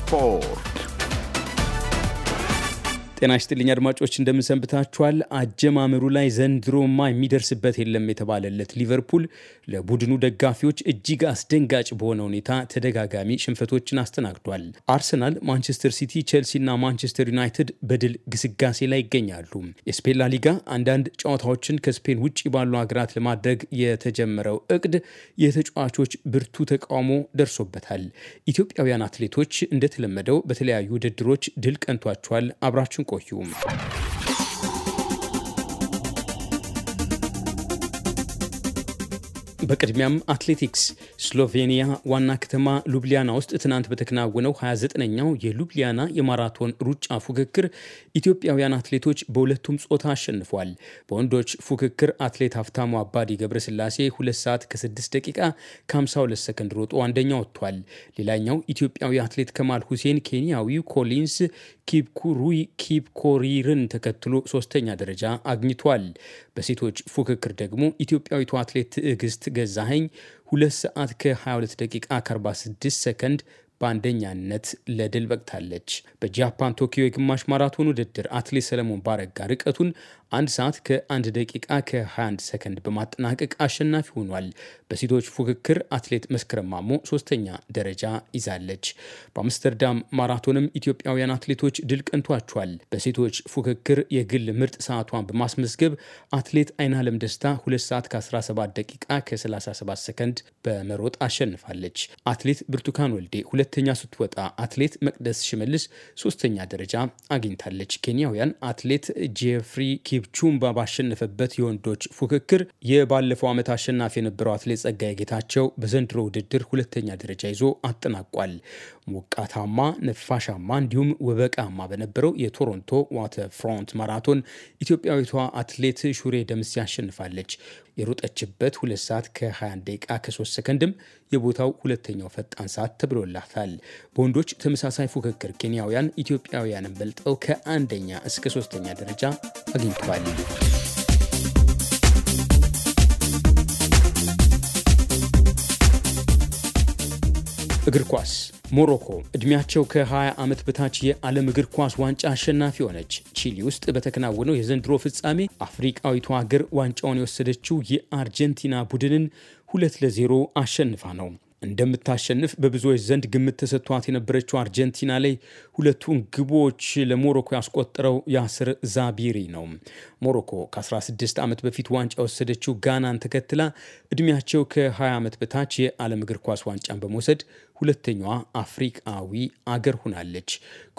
spor. ጤና ይስጥልኝ አድማጮች፣ እንደምንሰንብታችኋል። አጀማመሩ ላይ ዘንድሮማ የሚደርስበት የለም የተባለለት ሊቨርፑል ለቡድኑ ደጋፊዎች እጅግ አስደንጋጭ በሆነ ሁኔታ ተደጋጋሚ ሽንፈቶችን አስተናግዷል። አርሰናል፣ ማንቸስተር ሲቲ፣ ቼልሲና ማንቸስተር ዩናይትድ በድል ግስጋሴ ላይ ይገኛሉ። የስፔን ላሊጋ አንዳንድ ጨዋታዎችን ከስፔን ውጭ ባሉ ሀገራት ለማድረግ የተጀመረው እቅድ የተጫዋቾች ብርቱ ተቃውሞ ደርሶበታል። ኢትዮጵያውያን አትሌቶች እንደተለመደው በተለያዩ ውድድሮች ድል ቀንቷቸዋል። አብራችን ficou በቅድሚያም አትሌቲክስ ስሎቬኒያ ዋና ከተማ ሉብሊያና ውስጥ ትናንት በተከናወነው 29ኛው የሉብሊያና የማራቶን ሩጫ ፉክክር ኢትዮጵያውያን አትሌቶች በሁለቱም ጾታ አሸንፏል። በወንዶች ፉክክር አትሌት ሀፍታሙ አባዲ ገብረስላሴ 2 ሰዓት ከ6 ደቂቃ ከ52 ሰከንድ ሮጦ አንደኛ ወጥቷል። ሌላኛው ኢትዮጵያዊ አትሌት ከማል ሁሴን ኬንያዊው ኮሊንስ ኪፕኩሩይ ኪፕኮሪርን ተከትሎ ሶስተኛ ደረጃ አግኝቷል። በሴቶች ፉክክር ደግሞ ኢትዮጵያዊቱ አትሌት ትዕግስት ገዛኸኝ 2 ሰዓት ከ22 ደቂቃ ከ46 ሰከንድ በአንደኛነት ለድል በቅታለች። በጃፓን ቶኪዮ የግማሽ ማራቶን ውድድር አትሌት ሰለሞን ባረጋ ርቀቱን አንድ ሰዓት ከ1 ደቂቃ ከ21 ሰከንድ በማጠናቀቅ አሸናፊ ሆኗል። በሴቶች ፉክክር አትሌት መስከረም ማሞ ሶስተኛ ደረጃ ይዛለች። በአምስተርዳም ማራቶንም ኢትዮጵያውያን አትሌቶች ድል ቀንቷቸዋል። በሴቶች ፉክክር የግል ምርጥ ሰዓቷን በማስመዝገብ አትሌት አይናለም ደስታ 2 ሰዓት ከ17 ደቂቃ ከ37 ሰከንድ በመሮጥ አሸንፋለች። አትሌት ብርቱካን ወልዴ ሁለተኛ ስትወጣ አትሌት መቅደስ ሽመልስ ሶስተኛ ደረጃ አግኝታለች። ኬንያውያን አትሌት ጄፍሪ ኪፕቹምባ ባሸነፈበት የወንዶች ፉክክር የባለፈው ዓመት አሸናፊ የነበረው አትሌት ጸጋዬ ጌታቸው በዘንድሮ ውድድር ሁለተኛ ደረጃ ይዞ አጠናቋል። ሞቃታማ፣ ነፋሻማ እንዲሁም ወበቃማ በነበረው የቶሮንቶ ዋተር ፍሮንት ማራቶን ኢትዮጵያዊቷ አትሌት ሹሬ ደምስ ያሸንፋለች። የሮጠችበት 2 ሰዓት ከ21 ደቂቃ ከ3 ሰከንድም የቦታው ሁለተኛው ፈጣን ሰዓት ተብሎላታል። በወንዶች ተመሳሳይ ፉክክር ኬንያውያን ኢትዮጵያውያንን በልጠው ከአንደኛ እስከ ሶስተኛ ደረጃ አግኝተዋል። እግር ኳስ ሞሮኮ ዕድሜያቸው ከ20 ዓመት በታች የዓለም እግር ኳስ ዋንጫ አሸናፊ ሆነች። ቺሊ ውስጥ በተከናወነው የዘንድሮ ፍጻሜ አፍሪቃዊቷ ሀገር ዋንጫውን የወሰደችው የአርጀንቲና ቡድንን ሁለት ለዜሮ አሸንፋ ነው። እንደምታሸንፍ በብዙዎች ዘንድ ግምት ተሰጥቷት የነበረችው አርጀንቲና ላይ ሁለቱን ግቦች ለሞሮኮ ያስቆጠረው ያስር ዛቢሪ ነው። ሞሮኮ ከ16 ዓመት በፊት ዋንጫ የወሰደችው ጋናን ተከትላ እድሜያቸው ከ20 ዓመት በታች የዓለም እግር ኳስ ዋንጫን በመውሰድ ሁለተኛዋ አፍሪቃዊ አገር ሆናለች።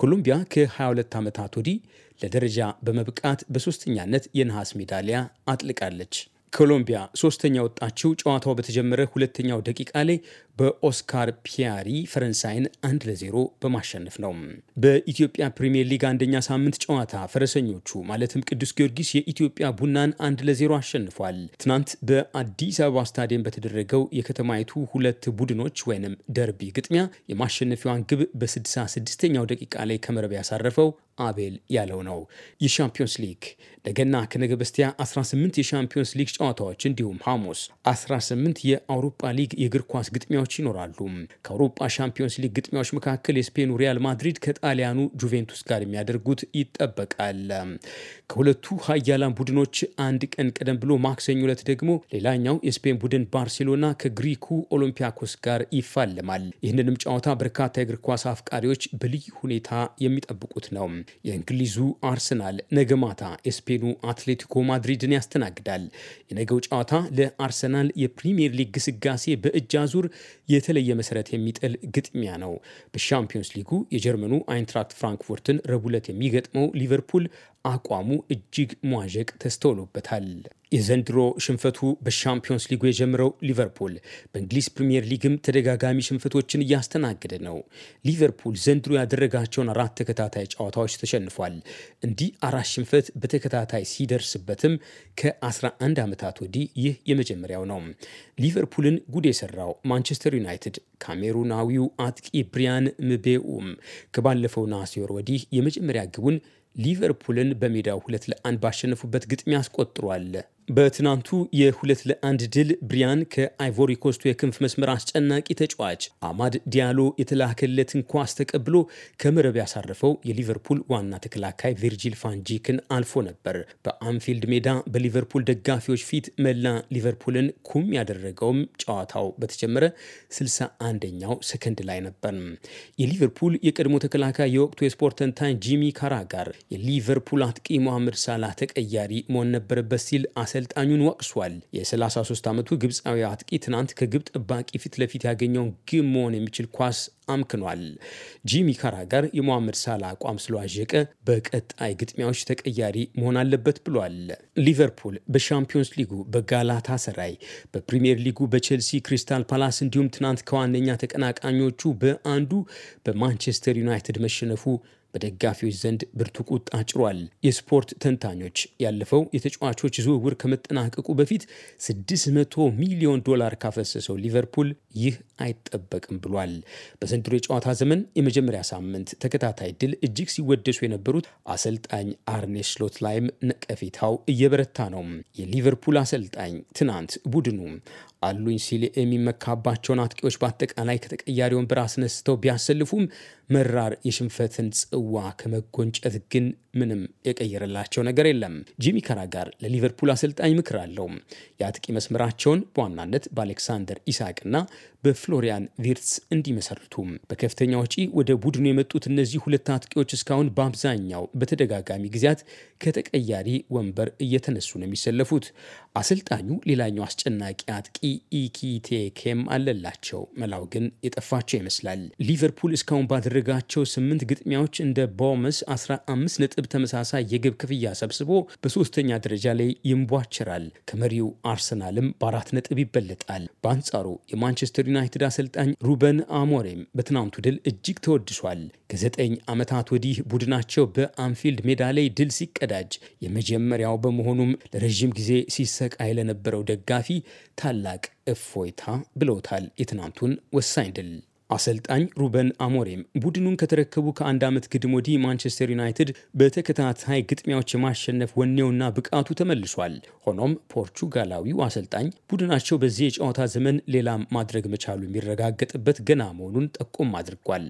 ኮሎምቢያ ከ22 ዓመታት ወዲህ ለደረጃ በመብቃት በሶስተኛነት የነሐስ ሜዳሊያ አጥልቃለች። ኮሎምቢያ ሶስተኛ ወጣችው። ጨዋታው በተጀመረ ሁለተኛው ደቂቃ ላይ በኦስካር ፒያሪ ፈረንሳይን አንድ ለዜሮ በማሸነፍ ነው። በኢትዮጵያ ፕሪምየር ሊግ አንደኛ ሳምንት ጨዋታ ፈረሰኞቹ ማለትም ቅዱስ ጊዮርጊስ የኢትዮጵያ ቡናን አንድ ለዜሮ አሸንፏል። ትናንት በአዲስ አበባ ስታዲየም በተደረገው የከተማይቱ ሁለት ቡድኖች ወይም ደርቢ ግጥሚያ የማሸነፊዋን ግብ በ66ኛው ደቂቃ ላይ ከመረብ ያሳረፈው አቤል ያለው ነው። የሻምፒዮንስ ሊግ ነገና ከነገ በስቲያ 18 የሻምፒዮንስ ሊግ ጨዋታዎች እንዲሁም ሐሙስ 18 የአውሮፓ ሊግ የእግር ኳስ ግጥሚያ ግጥሚያዎች ይኖራሉ። ከአውሮፓ ሻምፒዮንስ ሊግ ግጥሚያዎች መካከል የስፔኑ ሪያል ማድሪድ ከጣሊያኑ ጁቬንቱስ ጋር የሚያደርጉት ይጠበቃል። ከሁለቱ ሀያላን ቡድኖች አንድ ቀን ቀደም ብሎ ማክሰኞ ዕለት ደግሞ ሌላኛው የስፔን ቡድን ባርሴሎና ከግሪኩ ኦሎምፒያኮስ ጋር ይፋለማል። ይህንንም ጨዋታ በርካታ የእግር ኳስ አፍቃሪዎች በልዩ ሁኔታ የሚጠብቁት ነው። የእንግሊዙ አርሰናል ነገ ማታ የስፔኑ አትሌቲኮ ማድሪድን ያስተናግዳል። የነገው ጨዋታ ለአርሰናል የፕሪምየር ሊግ ግስጋሴ በእጅ አዙር የተለየ መሰረት የሚጥል ግጥሚያ ነው። በሻምፒዮንስ ሊጉ የጀርመኑ አይንትራክት ፍራንክፉርትን ረቡዕ ዕለት የሚገጥመው ሊቨርፑል አቋሙ እጅግ መዋዠቅ ተስተውሎበታል። የዘንድሮ ሽንፈቱ በሻምፒዮንስ ሊጉ የጀመረው ሊቨርፑል በእንግሊዝ ፕሪምየር ሊግም ተደጋጋሚ ሽንፈቶችን እያስተናገደ ነው። ሊቨርፑል ዘንድሮ ያደረጋቸውን አራት ተከታታይ ጨዋታዎች ተሸንፏል። እንዲህ አራት ሽንፈት በተከታታይ ሲደርስበትም ከ11 ዓመታት ወዲህ ይህ የመጀመሪያው ነው። ሊቨርፑልን ጉድ የሰራው ማንቸስተር ዩናይትድ ካሜሩናዊው አጥቂ ብሪያን ምቤኡም ከባለፈው ነሐሴ ወር ወዲህ የመጀመሪያ ግቡን ሊቨርፑልን በሜዳው ሁለት ለአንድ ባሸነፉበት ግጥሚያ አስቆጥሯል። በትናንቱ የሁለት ለአንድ ድል ብሪያን ከአይቮሪ ኮስቱ የክንፍ መስመር አስጨናቂ ተጫዋች አማድ ዲያሎ የተላከለትን ኳስ ተቀብሎ ከመረብ ያሳረፈው የሊቨርፑል ዋና ተከላካይ ቪርጂል ፋንጂክን አልፎ ነበር። በአንፊልድ ሜዳ በሊቨርፑል ደጋፊዎች ፊት መላ ሊቨርፑልን ኩም ያደረገውም ጨዋታው በተጀመረ 61ኛው ሰከንድ ላይ ነበር። የሊቨርፑል የቀድሞ ተከላካይ የወቅቱ የስፖርት ተንታኝ ጂሚ ካራ ጋር የሊቨርፑል አጥቂ መሐመድ ሳላህ ተቀያሪ መሆን ነበረበት ሲል አሰልጣኙን ወቅሷል። የ33 ዓመቱ ግብፃዊ አጥቂ ትናንት ከግብ ጠባቂ ፊት ለፊት ያገኘውን ግብ መሆን የሚችል ኳስ አምክኗል። ጂሚ ካራ ጋር የሞሐመድ ሳላ አቋም ስለዋዠቀ በቀጣይ ግጥሚያዎች ተቀያሪ መሆን አለበት ብሏል። ሊቨርፑል በሻምፒዮንስ ሊጉ በጋላታ ሰራይ፣ በፕሪምየር ሊጉ በቼልሲ ክሪስታል ፓላስ እንዲሁም ትናንት ከዋነኛ ተቀናቃኞቹ በአንዱ በማንቸስተር ዩናይትድ መሸነፉ በደጋፊዎች ዘንድ ብርቱ ቁጣ ጭሯል። የስፖርት ተንታኞች ያለፈው የተጫዋቾች ዝውውር ከመጠናቀቁ በፊት 600 ሚሊዮን ዶላር ካፈሰሰው ሊቨርፑል ይህ አይጠበቅም ብሏል። በዘንድሮ የጨዋታ ዘመን የመጀመሪያ ሳምንት ተከታታይ ድል እጅግ ሲወደሱ የነበሩት አሰልጣኝ አርኔ ስሎት ላይም ነቀፌታው እየበረታ ነው። የሊቨርፑል አሰልጣኝ ትናንት ቡድኑ አሉኝ ሲል የሚመካባቸውን አጥቂዎች በአጠቃላይ ከተቀያሪ ወንበር አስነስተው ቢያሰልፉም መራር የሽንፈትን ጽዋ ከመጎንጨት ግን ምንም የቀየረላቸው ነገር የለም። ጂሚ ካራ ጋር ለሊቨርፑል አሰልጣኝ ምክር አለው። የአጥቂ መስመራቸውን በዋናነት በአሌክሳንደር ኢሳቅና በፍሎሪያን ቪርትስ እንዲመሰርቱ በከፍተኛ ወጪ ወደ ቡድኑ የመጡት እነዚህ ሁለት አጥቂዎች እስካሁን በአብዛኛው በተደጋጋሚ ጊዜያት ከተቀያሪ ወንበር እየተነሱ ነው የሚሰለፉት። አሰልጣኙ ሌላኛው አስጨናቂ አጥቂ ኢኪቴኬም አለላቸው። መላው ግን የጠፋቸው ይመስላል። ሊቨርፑል እስካሁን ባደረጋቸው ስምንት ግጥሚያዎች እንደ ቦመስ 15 ነጥብ ተመሳሳይ የግብ ክፍያ ሰብስቦ በሶስተኛ ደረጃ ላይ ይንቧቸራል። ከመሪው አርሰናልም በአራት ነጥብ ይበለጣል። በአንጻሩ የማንቸስተር ዩናይትድ አሰልጣኝ ሩበን አሞሬም በትናንቱ ድል እጅግ ተወድሷል። ከዘጠኝ ዓመታት ወዲህ ቡድናቸው በአንፊልድ ሜዳ ላይ ድል ሲቀዳጅ የመጀመሪያው በመሆኑም ለረዥም ጊዜ ሲሰቃይ ለነበረው ደጋፊ ታላቅ እፎይታ ብለውታል የትናንቱን ወሳኝ ድል። አሰልጣኝ ሩበን አሞሬም ቡድኑን ከተረከቡ ከአንድ ዓመት ግድም ወዲህ ማንቸስተር ዩናይትድ በተከታታይ ግጥሚያዎች የማሸነፍ ወኔውና ብቃቱ ተመልሷል። ሆኖም ፖርቹጋላዊው አሰልጣኝ ቡድናቸው በዚህ የጨዋታ ዘመን ሌላም ማድረግ መቻሉ የሚረጋገጥበት ገና መሆኑን ጠቆም አድርጓል።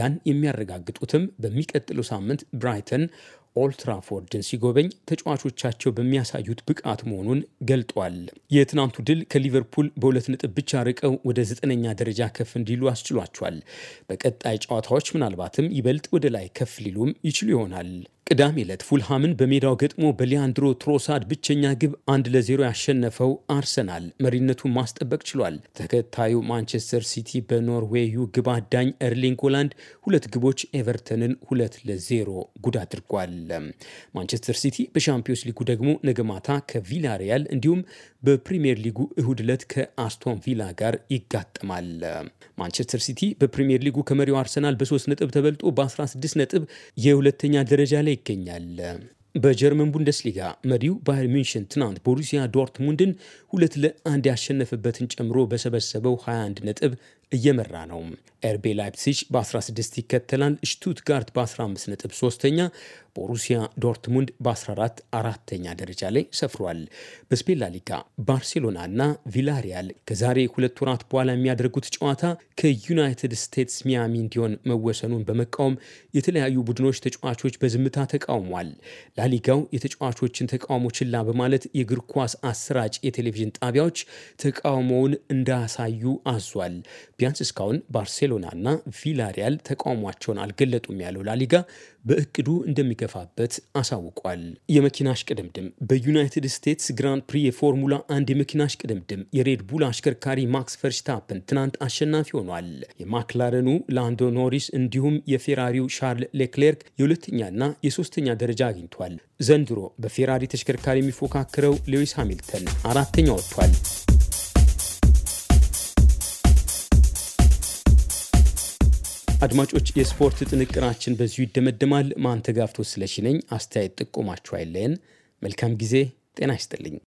ያን የሚያረጋግጡትም በሚቀጥለው ሳምንት ብራይተን ኦልትራፎርድን ሲጎበኝ ተጫዋቾቻቸው በሚያሳዩት ብቃት መሆኑን ገልጧል። የትናንቱ ድል ከሊቨርፑል በሁለት ነጥብ ብቻ ርቀው ወደ ዘጠነኛ ደረጃ ከፍ እንዲሉ አስችሏቸዋል። በቀጣይ ጨዋታዎች ምናልባትም ይበልጥ ወደ ላይ ከፍ ሊሉም ይችሉ ይሆናል። ቅዳሜ ዕለት ፉልሃምን በሜዳው ገጥሞ በሊያንድሮ ትሮሳድ ብቸኛ ግብ አንድ ለዜሮ ያሸነፈው አርሰናል መሪነቱን ማስጠበቅ ችሏል። ተከታዩ ማንቸስተር ሲቲ በኖርዌዩ ግብ አዳኝ ኤርሊንግ ሆላንድ ሁለት ግቦች ኤቨርተንን ሁለት ለዜሮ ጉድ አድርጓል። ማንቸስተር ሲቲ በሻምፒዮንስ ሊጉ ደግሞ ነገ ማታ ከቪላሪያል እንዲሁም በፕሪምየር ሊጉ እሁድ ዕለት ከአስቶን ቪላ ጋር ይጋጥማል። ማንቸስተር ሲቲ በፕሪምየር ሊጉ ከመሪው አርሰናል በሶስት ነጥብ ተበልጦ በ16 ነጥብ የሁለተኛ ደረጃ ላይ ይገኛል። በጀርመን ቡንደስሊጋ መሪው ባየር ሚንሽን ትናንት ቦሩሲያ ዶርትሙንድን ሁለት ለአንድ ያሸነፈበትን ጨምሮ በሰበሰበው 21 ነጥብ እየመራ ነው። ኤርቤ ላይፕሲች በ16 ይከተላል። ሽቱትጋርት በ15 ነጥብ ሶስተኛ፣ ቦሩሲያ ዶርትሙንድ በ14 አራተኛ ደረጃ ላይ ሰፍሯል። በስፔን ላሊጋ ባርሴሎና እና ቪላሪያል ከዛሬ ሁለት ወራት በኋላ የሚያደርጉት ጨዋታ ከዩናይትድ ስቴትስ ሚያሚ እንዲሆን መወሰኑን በመቃወም የተለያዩ ቡድኖች ተጫዋቾች በዝምታ ተቃውሟል። ላሊጋው የተጫዋቾችን ተቃውሞ ችላ በማለት የእግር ኳስ አሰራጭ የቴሌቪዥን ጣቢያዎች ተቃውሞውን እንዳያሳዩ አዟል። ቢያንስ እስካሁን ባርሴሎና እና ቪላሪያል ተቃውሟቸውን አልገለጡም ያለው ላሊጋ በእቅዱ እንደሚ እንደሚገፋበት አሳውቋል። የመኪና አሽቅድምድም በዩናይትድ ስቴትስ ግራንድ ፕሪ የፎርሙላ አንድ የመኪና አሽቅድምድም የሬድ ቡል አሽከርካሪ ማክስ ፈርሽታፕን ትናንት አሸናፊ ሆኗል። የማክላረኑ ላንዶ ኖሪስ እንዲሁም የፌራሪው ሻርል ሌክሌርክ የሁለተኛና የሶስተኛ ደረጃ አግኝቷል። ዘንድሮ በፌራሪ ተሽከርካሪ የሚፎካከረው ሌዊስ ሃሚልተን አራተኛ ወጥቷል። አድማጮች፣ የስፖርት ጥንቅናችን በዚሁ ይደመደማል። ማንተጋፍቶ ስለሽነኝ አስተያየት ጥቆማችሁ አይለየን። መልካም ጊዜ። ጤና ይስጥልኝ።